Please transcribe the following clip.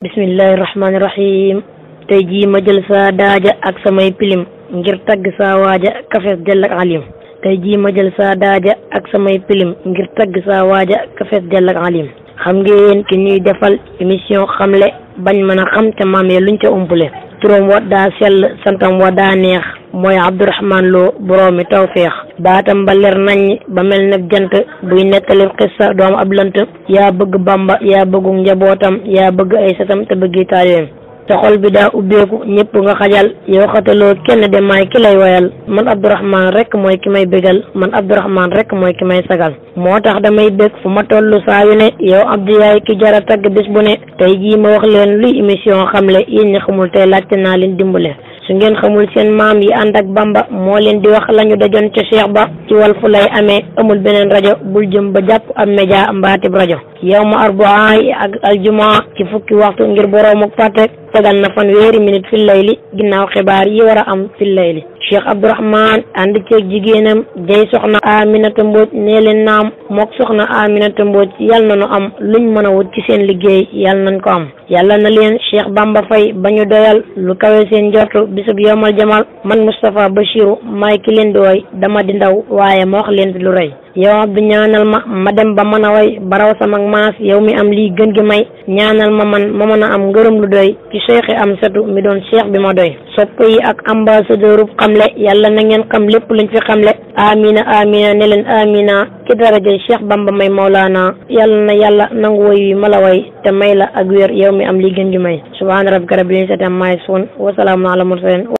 bismillahi rahmaani rahim tey jii ma jël saa daaja ak samay pilim ngir tagg sa waaja kafes dell ak alim tey jii ma jël sa daaja ak samay pilim ngir tagg saa waaja kafes dell ak alim xam ngeen ki ñuy defal émission xamle bañ ma a xam te maam ya luñ ca umpule turam wa daa sell santam wa daa neex mooy abdourahman loo boroomi tawféex baatam ba leer nañ ba mel ne jant buy nettali xissa doomu ab lënt yaa bëgg bamba yaa bëggu njabootam yaa bëgg ay satam te bëggi taalibeem te xol bi daa ubbeeku ñëpp nga xajal yoo xataloo kenn de maay ki lay woyal man abdourahman rek mooy ki may bégal man abdourahman rek mooy ki may sagal moo tax damay bëgg fu ma toll saa yu ne yow Abdou yaay ki jara tagg bis bu ne tey jii ma wax leen luy émission xamle yéen ñi xamul tey laajte naa leen dimbale su ngeen xamul seen maam yi ànd ak Bamba moo leen di wax lañu dajoon ca Cheikh Ba ci wal fu lay amee amul beneen rajo bul jëm ba jàpp am média mbaatib rajo yow ma arbaa yi ak aljumaa ci fukki waxtu ngir boroomu fàtte tegal na fan weeri minute fi layli ginnaaw xibaar yi war a am fi layli cheikh abdourahman ànd ceeg jigéenam day soxna aminata mbooj nee leen naam mook soxna aminata mbooj yal na nu am luñ mën a wut ci seen liggéey yal nañ ko am yàlla na leen Cheikh Bamba Faye ba ñu doyal lu kawe seen njortu bisub yomal jamal man Moustapha Bachirou maay ki leen di woy dama di ndaw waaye ma wax leen lu rey yow Abdou ñaanal ma ma dem ba mën a woy baraw sama maas yow mi am lii gën gi may ñaanal ma man ma mën a am ngërëm lu doy ci cheikhi am satu mi doon cheikh bi ma doy sopp yi ak ambassadeur ub xamle yàlla na ngeen xam lépp luñ fi xamle amina amina ne leen amina ci darajey Cheikh Bamba may Mawlaana yàlla na yàlla nangu woy wi ma la woy te may la mi am li gën ju may subhaana rabbika rabbil izzati amma yasifun wa salaamun alal mursalin